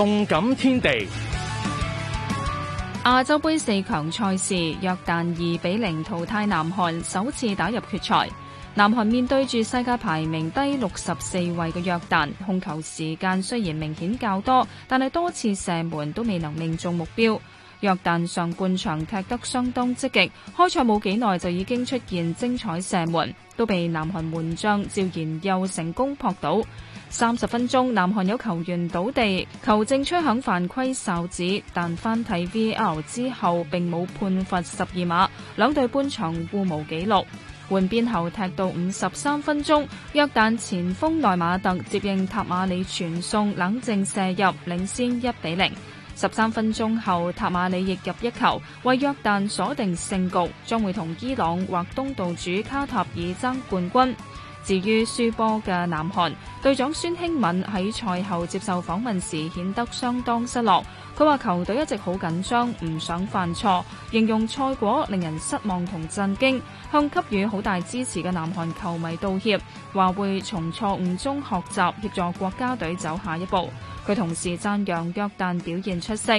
動感天地，亞洲盃四強賽事，約旦二比零淘汰南韓，首次打入決賽。南韓面對住世界排名低六十四位嘅約旦，控球時間雖然明顯較多，但係多次射門都未能命中目標。約旦上半場踢得相當積極，開賽冇幾耐就已經出現精彩射門，都被南韓門將趙賢佑成功撲倒。三十分鐘，南韓有球員倒地，球證吹響犯規哨，哨子，但翻睇 VAR 之後，並冇判罰十二碼。兩隊半場互無紀錄，換邊後踢到五十三分鐘，約旦前鋒奈馬特接應塔馬里傳送，冷靜射入，領先一比零。十三分鐘後，塔馬里亦入一球，為約旦鎖定勝局，將會同伊朗或東道主卡塔爾爭冠軍。至於輸波嘅南韓隊長孫興敏喺賽後接受訪問時，顯得相當失落。佢話球隊一直好緊張，唔想犯錯。形容賽果令人失望同震驚，向給予好大支持嘅南韓球迷道歉，話會從錯誤中學習，協助國家隊走下一步。佢同時讚揚約旦表現出色。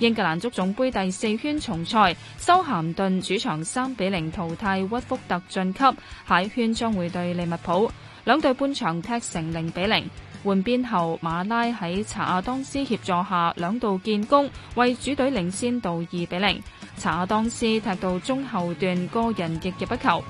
英格蘭足總杯第四圈重賽，修咸頓主場三比零淘汰屈福特晉級，下一圈將會對利物浦。兩隊半場踢成零比零。換邊後，馬拉喺查亞當斯協助下兩度建功，為主隊領先到二比零。查亞當斯踢到中後段，個人亦不求。